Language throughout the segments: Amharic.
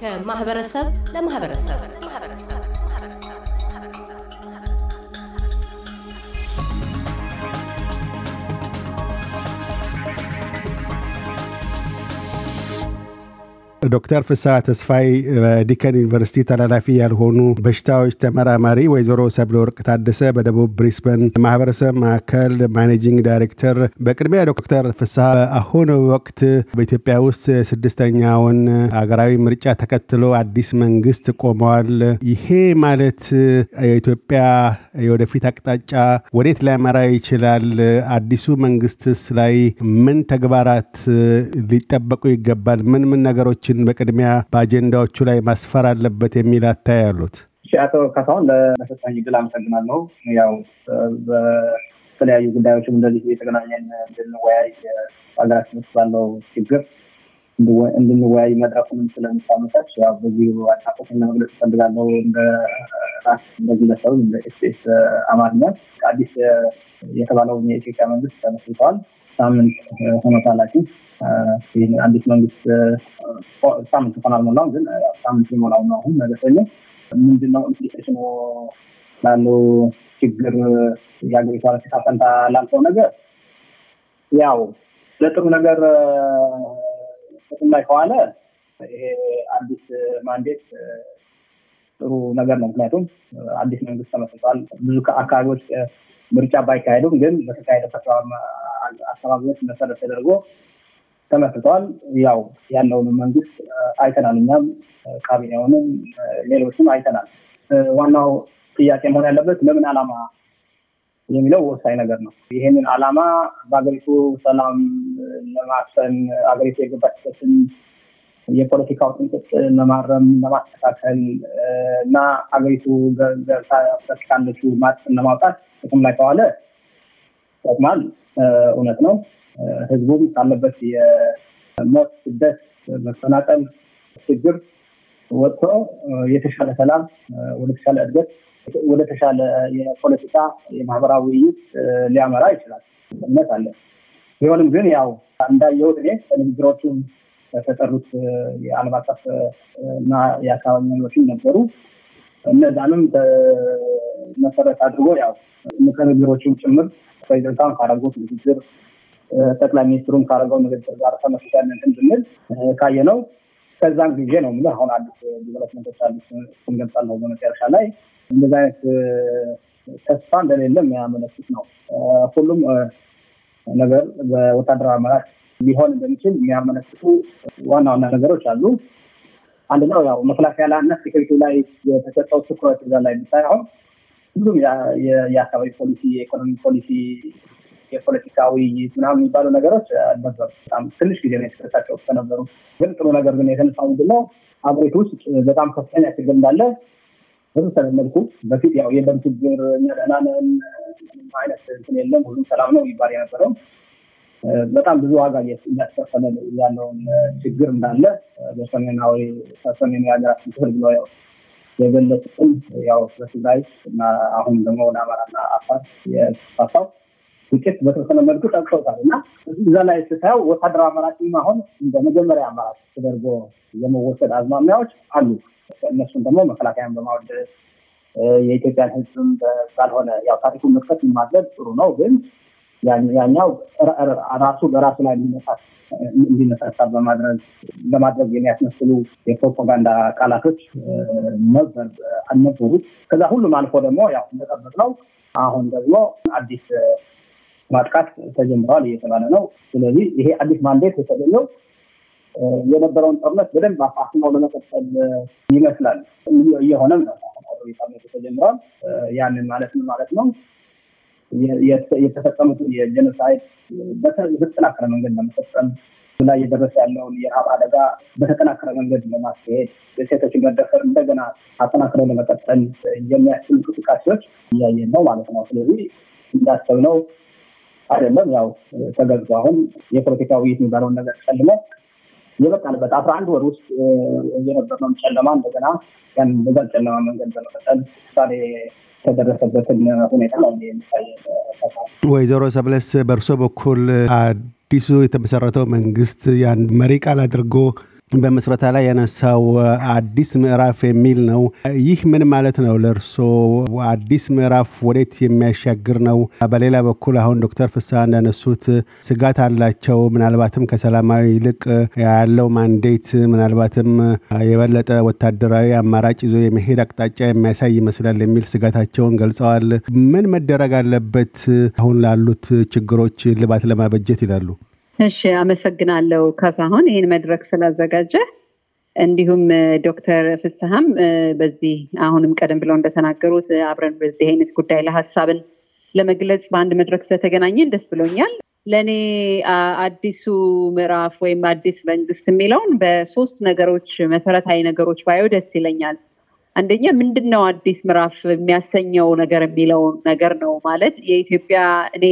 ከማህበረሰብ ለማህበረሰብ ዶክተር ፍስሐ ተስፋይ በዲከን ዩኒቨርሲቲ ተላላፊ ያልሆኑ በሽታዎች ተመራማሪ፣ ወይዘሮ ሰብለ ወርቅ ታደሰ በደቡብ ብሪስበን ማህበረሰብ ማዕከል ማኔጂንግ ዳይሬክተር። በቅድሚያ ዶክተር ፍስሐ አሁን ወቅት በኢትዮጵያ ውስጥ ስድስተኛውን ሀገራዊ ምርጫ ተከትሎ አዲስ መንግስት ቆመዋል። ይሄ ማለት የኢትዮጵያ የወደፊት አቅጣጫ ወዴት ሊያመራ ይችላል? አዲሱ መንግስትስ ላይ ምን ተግባራት ሊጠበቁ ይገባል? ምን ምን ነገሮች ጉዳዮችን በቅድሚያ በአጀንዳዎቹ ላይ ማስፈር አለበት የሚል አታይ ያሉት? አቶ ካሳሁን ለሰጣኝ ግል አመሰግናለሁ። ያው በተለያዩ ጉዳዮችም እንደዚህ የተገናኘን እንድንወያይ ሀገራችን ውስጥ ባለው ችግር እንድንወያይ መድረኩንም ስለምታመቻች ያው በዚህ አድናቆቴን ለመግለጽ እፈልጋለሁ። እንደ ራስ እንደ ግለሰብም እንደ ኤስፔስ አማርኛ አዲስ የተባለውን የኢትዮጵያ መንግስት ተመስርተዋል። ሳምንት ሆኖታላችን ይህ አዲስ መንግስት ሳምንት እንኳን አልሞላውም፣ ግን ሳምንት ሊሞላው ነው አሁን መለሰኝ ሰኞ። ምንድነው ኢምፕሊኬሽኑ ላለው ችግር የሀገሪቷ ዕጣ አፈንታ ላልሰው ነገር ያው ለጥሩ ነገር ጥቅም ላይ ከዋለ ይሄ አዲስ ማንዴት ጥሩ ነገር ነው። ምክንያቱም አዲስ መንግስት ተመስርቷል። ብዙ አካባቢዎች ምርጫ ባይካሄዱም ግን በተካሄደበት አካባቢዎች መሰረት ተደርጎ ተመስቷል። ያው ያለውን መንግስት አይተናል። እኛም ካቢኔውንም ሌሎችም አይተናል። ዋናው ጥያቄ መሆን ያለበት ለምን ዓላማ የሚለው ወሳኝ ነገር ነው። ይህንን ዓላማ በአገሪቱ ሰላም ለማስፈን አገሪቱ የገባችበትን የፖለቲካ ውጥንቅጥ ለማረም ለማስተካከል እና አገሪቱ ፖለቲካለቹ ማጥፍን ለማውጣት ጥቅም ላይ ከዋለ ይጠቅማል፣ እውነት ነው። ህዝቡም ካለበት የሞት፣ ስደት፣ መፈናቀል ችግር ወጥቶ የተሻለ ሰላም ወደተሻለ እድገት ወደተሻለ የፖለቲካ የማህበራዊ ውይይት ሊያመራ ይችላል እምነት አለ። ቢሆንም ግን ያው እንዳየሁት እኔ ንግግሮቹም ተጠሩት የአለም አቀፍ እና የአካባቢ መሪዎችም ነበሩ። እነዛንም መሰረት አድርጎ ያው ከንግግሮችም ጭምር ፕሬዚደንታን ካደረጉት ንግግር ጠቅላይ ሚኒስትሩም ካደረገው ንግግር ጋር ተመስገን እንድንል ካየ ነው። ከዛን ጊዜ ነው ምን አሁን አዲስ ዲቨሎፕመንቶች አሉ ስንገልጻል ነው በመጨረሻ ላይ እንደዚ አይነት ተስፋ እንደሌለም የሚያመለክት ነው። ሁሉም ነገር በወታደራዊ አመራር ሊሆን እንደሚችል የሚያመለክቱ ዋና ዋና ነገሮች አሉ። አንደኛው ያው መከላከያ ላይ ሴኩሪቲ ላይ የተሰጠው ትኩረት እዛ ላይ ብታይ አሁን ሁሉም የአካባቢ ፖሊሲ፣ የኢኮኖሚ ፖሊሲ የፖለቲካ ውይይት ምናምን የሚባሉ ነገሮች አልነበሩ። በጣም ትንሽ ጊዜ ነው የተሰጣቸው ከነበሩ። ግን ጥሩ ነገር ግን የተነሳ ምንድን ነው አገሪቱ ውስጥ በጣም ከፍተኛ ችግር እንዳለ በተወሰነ መልኩ በፊት ያው የለም ችግር ናነን አይነት እንትን የለም ሁሉም ሰላም ነው ይባል የነበረው በጣም ብዙ ዋጋ እያስከፈለ ያለውን ችግር እንዳለ በሰሜናዊ ሰሜን የሀገራችን ክፍል ብሎ ያው የገለጹትን ያው በትግራይ እና አሁን ደግሞ ወደ አማራና አፋር የተስፋፋው ውጤት በተወሰነ መልኩ ጠቅሰውታል እና እዛ ላይ ስታየው ወታደራዊ አማራጭ አሁን እንደ መጀመሪያ አማራጭ ተደርጎ የመወሰድ አዝማሚያዎች አሉ። እነሱን ደግሞ መከላከያን በማወደስ የኢትዮጵያን ሕዝብም ባልሆነ ያው ታሪኩን መጥቀት ማድረግ ጥሩ ነው፣ ግን ያኛው ራሱ በራሱ ላይ እንዲነሳሳ በማድረግ ለማድረግ የሚያስመስሉ የፕሮፓጋንዳ ቃላቶች ነበር አልነበሩት። ከዛ ሁሉም አልፎ ደግሞ ያው እንደጠበቅ ነው አሁን ደግሞ አዲስ ማጥቃት ተጀምረዋል እየተባለ ነው። ስለዚህ ይሄ አዲስ ማንዴት የተገኘው የነበረውን ጦርነት በደንብ አፋፍመው ለመቀጠል ይመስላል። እየሆነም ነው። ተጀምረዋል። ያንን ማለት ምን ማለት ነው? የተፈጸሙት የጀኖሳይድ በተጠናከረ መንገድ ለመፈጸም ላይ የደረሰ ያለውን የረሃብ አደጋ በተጠናከረ መንገድ ለማስሄድ የሴቶችን መደፈር እንደገና አጠናክረው ለመቀጠል የሚያስችሉ እንቅስቃሴዎች እያየን ነው ማለት ነው። ስለዚህ እንዳሰብነው አይደለም ያው ተገልጾ አሁን የፖለቲካ ውይይት የሚባለውን ነገር ጨልሞ የበቃንበት አስራ አንድ ወር ውስጥ የነበረውን ጨለማ እንደገና ያን በዛ ጨለማ መንገድ በመቀጠል ምሳሌ ሁኔታ ነው የሚታይ። ወይዘሮ ሰብለስ በእርሶ በኩል አዲሱ የተመሰረተው መንግስት ያን መሪ ቃል አድርጎ በምስረታ ላይ ያነሳው አዲስ ምዕራፍ የሚል ነው። ይህ ምን ማለት ነው? ለእርሶ አዲስ ምዕራፍ ወዴት የሚያሻግር ነው? በሌላ በኩል አሁን ዶክተር ፍስሐ እንዳነሱት ስጋት አላቸው። ምናልባትም ከሰላማዊ ይልቅ ያለው ማንዴት ምናልባትም የበለጠ ወታደራዊ አማራጭ ይዞ የመሄድ አቅጣጫ የሚያሳይ ይመስላል የሚል ስጋታቸውን ገልጸዋል። ምን መደረግ አለበት አሁን ላሉት ችግሮች እልባት ለማበጀት ይላሉ? እሺ አመሰግናለሁ ካሳሁን ይህን መድረክ ስላዘጋጀ እንዲሁም ዶክተር ፍስሀም በዚህ አሁንም ቀደም ብለው እንደተናገሩት አብረን በዚህ አይነት ጉዳይ ለሀሳብን ለመግለጽ በአንድ መድረክ ስለተገናኘን ደስ ብሎኛል ለእኔ አዲሱ ምዕራፍ ወይም አዲስ መንግስት የሚለውን በሶስት ነገሮች መሰረታዊ ነገሮች ባየው ደስ ይለኛል አንደኛ ምንድን ነው አዲስ ምዕራፍ የሚያሰኘው ነገር የሚለው ነገር ነው ማለት የኢትዮጵያ እኔ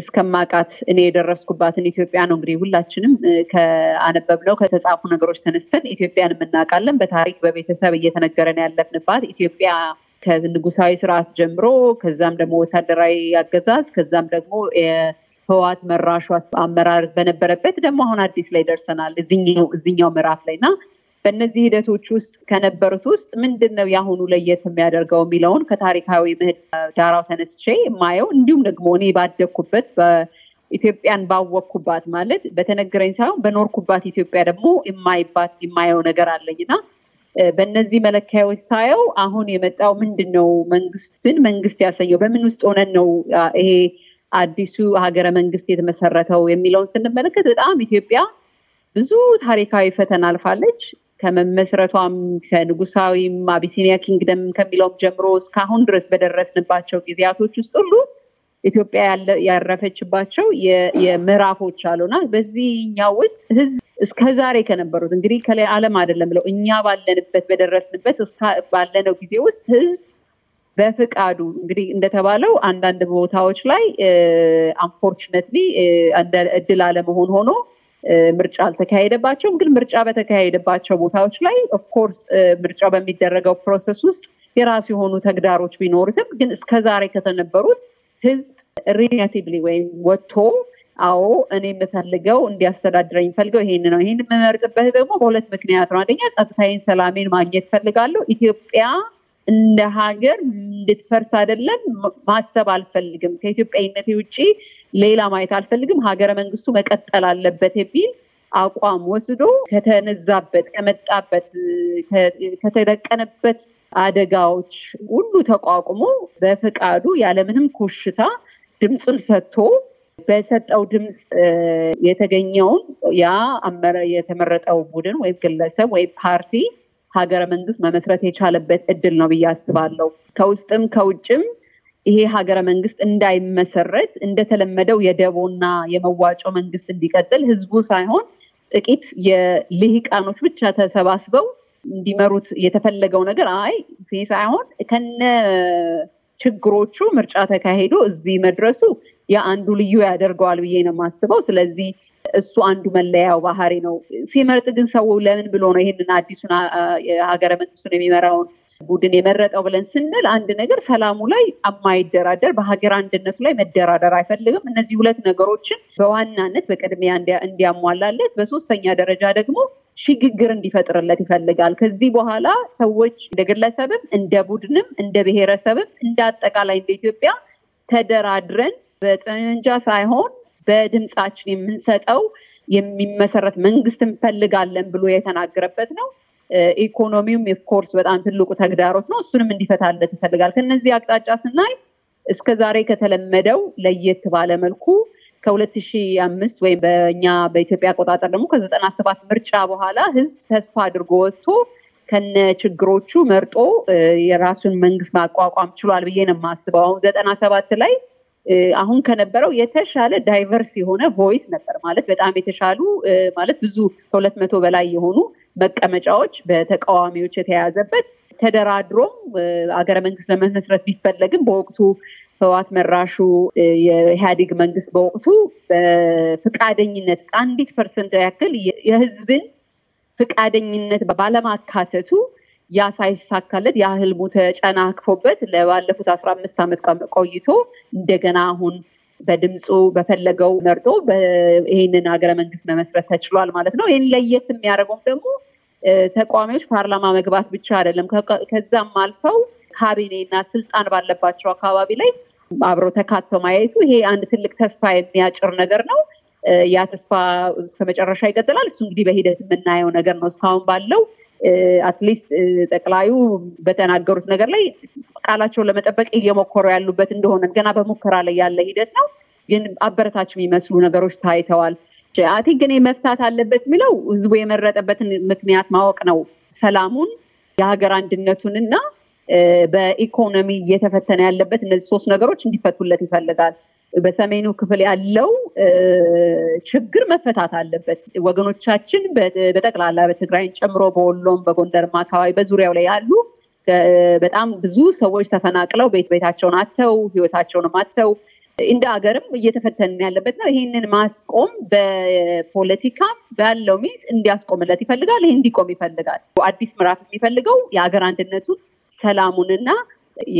እስከማቃት እኔ የደረስኩባትን ኢትዮጵያ ነው እንግዲህ ሁላችንም ነው ከተጻፉ ነገሮች ተነስተን ኢትዮጵያን የምናውቃለን። በታሪክ በቤተሰብ እየተነገረን ያለፍንባት ኢትዮጵያ ከንጉሳዊ ስርዓት ጀምሮ ከዛም ደግሞ ወታደራዊ አገዛዝ ከዛም ደግሞ ህዋት መራሹ አመራር በነበረበት ደግሞ አሁን አዲስ ላይ ደርሰናል እዚኛው ምዕራፍ ላይ እና በእነዚህ ሂደቶች ውስጥ ከነበሩት ውስጥ ምንድን ነው የአሁኑ ለየት የሚያደርገው የሚለውን ከታሪካዊ ምህዳራው ተነስቼ የማየው እንዲሁም ደግሞ እኔ ባደግኩበት ኢትዮጵያን ባወቅኩባት ማለት በተነገረኝ ሳይሆን በኖርኩባት ኢትዮጵያ ደግሞ የማይባት የማየው ነገር አለኝ እና በእነዚህ መለኪያዎች ሳየው አሁን የመጣው ምንድን ነው መንግስትን መንግስት ያሰኘው በምን ውስጥ ሆነን ነው ይሄ አዲሱ ሀገረ መንግስት የተመሰረተው የሚለውን ስንመለከት በጣም ኢትዮጵያ ብዙ ታሪካዊ ፈተና አልፋለች ከመመስረቷም ከንጉሳዊም አቢሲኒያ ኪንግደም ከሚለውም ጀምሮ እስካሁን ድረስ በደረስንባቸው ጊዜያቶች ውስጥ ሁሉ ኢትዮጵያ ያረፈችባቸው የምዕራፎች አሉና በዚህኛው ውስጥ ህዝብ እስከ ዛሬ ከነበሩት እንግዲህ ከላይ አለም አይደለም ብለው እኛ ባለንበት በደረስንበት ባለነው ጊዜ ውስጥ ህዝብ በፍቃዱ እንግዲህ እንደተባለው አንዳንድ ቦታዎች ላይ አንፎርችነትሊ እድል አለመሆን ሆኖ ምርጫ አልተካሄደባቸውም። ግን ምርጫ በተካሄደባቸው ቦታዎች ላይ ኦፍኮርስ ምርጫ በሚደረገው ፕሮሰስ ውስጥ የራሱ የሆኑ ተግዳሮች ቢኖሩትም ግን እስከዛሬ ከተነበሩት ህዝብ ሪሌቲቭሊ ወይም ወጥቶ አዎ እኔ የምፈልገው እንዲያስተዳድረኝ ፈልገው ይሄን ነው። ይህን የምመርጥበት ደግሞ በሁለት ምክንያት ነው። አንደኛ ጸጥታዬን፣ ሰላሜን ማግኘት ፈልጋለሁ። ኢትዮጵያ እንደ ሀገር እንድትፈርስ አይደለም ማሰብ አልፈልግም። ከኢትዮጵያዊነት ውጭ ሌላ ማየት አልፈልግም። ሀገረ መንግስቱ መቀጠል አለበት የሚል አቋም ወስዶ ከተነዛበት ከመጣበት ከተደቀነበት አደጋዎች ሁሉ ተቋቁሞ በፈቃዱ ያለምንም ኮሽታ ድምፁን ሰጥቶ በሰጠው ድምፅ የተገኘውን ያ የተመረጠው ቡድን ወይም ግለሰብ ወይም ፓርቲ ሀገረ መንግስት መመስረት የቻለበት እድል ነው ብዬ አስባለሁ። ከውስጥም ከውጭም ይሄ ሀገረ መንግስት እንዳይመሰረት እንደተለመደው የደቦና የመዋጮ መንግስት እንዲቀጥል ህዝቡ ሳይሆን ጥቂት የልሂቃኖች ብቻ ተሰባስበው እንዲመሩት የተፈለገው ነገር አይ ሳይሆን ከነ ችግሮቹ ምርጫ ተካሂዶ እዚህ መድረሱ የአንዱ ልዩ ያደርገዋል ብዬ ነው የማስበው። ስለዚህ እሱ አንዱ መለያው ባህሪ ነው። ሲመርጥ ግን ሰው ለምን ብሎ ነው ይህንን አዲሱን ሀገረ መንግስቱን የሚመራውን ቡድን የመረጠው ብለን ስንል አንድ ነገር ሰላሙ ላይ የማይደራደር በሀገር አንድነቱ ላይ መደራደር አይፈልግም። እነዚህ ሁለት ነገሮችን በዋናነት በቅድሚያ እንዲያሟላለት፣ በሶስተኛ ደረጃ ደግሞ ሽግግር እንዲፈጥርለት ይፈልጋል። ከዚህ በኋላ ሰዎች እንደ ግለሰብም እንደ ቡድንም እንደ ብሔረሰብም እንደ አጠቃላይ እንደ ኢትዮጵያ ተደራድረን በጠመንጃ ሳይሆን በድምፃችን የምንሰጠው የሚመሰረት መንግስት እንፈልጋለን ብሎ የተናገረበት ነው። ኢኮኖሚውም ኦፍኮርስ በጣም ትልቁ ተግዳሮት ነው። እሱንም እንዲፈታለት ይፈልጋል። ከነዚህ አቅጣጫ ስናይ እስከ ዛሬ ከተለመደው ለየት ባለ መልኩ ከ2005 ወይም በእኛ በኢትዮጵያ አቆጣጠር ደግሞ ከዘጠና ሰባት ምርጫ በኋላ ህዝብ ተስፋ አድርጎ ወጥቶ ከነ ችግሮቹ መርጦ የራሱን መንግስት ማቋቋም ችሏል ብዬ ነው የማስበው። አሁን ዘጠና ሰባት ላይ አሁን ከነበረው የተሻለ ዳይቨርስ የሆነ ቮይስ ነበር ማለት በጣም የተሻሉ ማለት ብዙ ከሁለት መቶ በላይ የሆኑ መቀመጫዎች በተቃዋሚዎች የተያዘበት ተደራድሮም አገረ መንግስት ለመመስረት ቢፈለግም በወቅቱ ህዋት መራሹ የኢህአዴግ መንግስት በወቅቱ በፍቃደኝነት አንዲት ፐርሰንት ያክል የህዝብን ፍቃደኝነት ባለማካተቱ ያ ሳይሳካለት ያ ህልሙ ተጨናክፎበት ለባለፉት አስራ አምስት ዓመት ቆይቶ እንደገና አሁን በድምፁ በፈለገው መርጦ ይህንን ሀገረ መንግስት መመስረት ተችሏል ማለት ነው። ይህን ለየት የሚያደርገው ደግሞ ተቃዋሚዎች ፓርላማ መግባት ብቻ አይደለም፣ ከዛም አልፈው ካቢኔና ስልጣን ባለባቸው አካባቢ ላይ አብሮ ተካቶ ማየቱ ይሄ አንድ ትልቅ ተስፋ የሚያጭር ነገር ነው። ያ ተስፋ እስከመጨረሻ ይቀጥላል። እሱ እንግዲህ በሂደት የምናየው ነገር ነው። እስካሁን ባለው አትሊስት ጠቅላዩ በተናገሩት ነገር ላይ ቃላቸውን ለመጠበቅ እየሞከሩ ያሉበት እንደሆነ ገና በሙከራ ላይ ያለ ሂደት ነው። ግን አበረታች የሚመስሉ ነገሮች ታይተዋል። አቲ ግን መፍታት አለበት የሚለው ህዝቡ የመረጠበትን ምክንያት ማወቅ ነው። ሰላሙን፣ የሀገር አንድነቱን እና በኢኮኖሚ እየተፈተነ ያለበት እነዚህ ሶስት ነገሮች እንዲፈቱለት ይፈልጋል። በሰሜኑ ክፍል ያለው ችግር መፈታት አለበት። ወገኖቻችን በጠቅላላ በትግራይን ጨምሮ በወሎም በጎንደርም አካባቢ በዙሪያው ላይ ያሉ በጣም ብዙ ሰዎች ተፈናቅለው ቤት ቤታቸውን አተው ህይወታቸውንም አተው እንደ አገርም እየተፈተን ያለበት ነው። ይህንን ማስቆም በፖለቲካ ባለው ሚስ እንዲያስቆምለት ይፈልጋል። ይህ እንዲቆም ይፈልጋል። አዲስ ምዕራፍ የሚፈልገው የሀገር አንድነቱን ሰላሙንና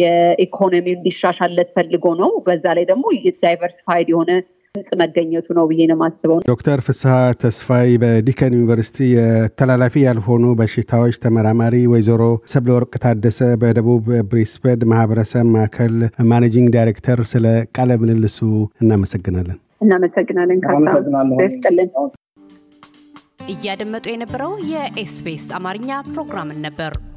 የኢኮኖሚው እንዲሻሻለት ፈልጎ ነው። በዛ ላይ ደግሞ ዳይቨርሲፋይድ የሆነ ድምፅ መገኘቱ ነው ብዬ ነው የማስበው። ዶክተር ፍስሀ ተስፋይ በዲከን ዩኒቨርሲቲ የተላላፊ ያልሆኑ በሽታዎች ተመራማሪ፣ ወይዘሮ ሰብለወርቅ ታደሰ በደቡብ ብሪስበን ማህበረሰብ ማዕከል ማኔጂንግ ዳይሬክተር፣ ስለ ቃለ ምልልሱ እናመሰግናለን። እናመሰግናለን። ካስጥልን እያደመጡ የነበረው የኤስፔስ አማርኛ ፕሮግራምን ነበር።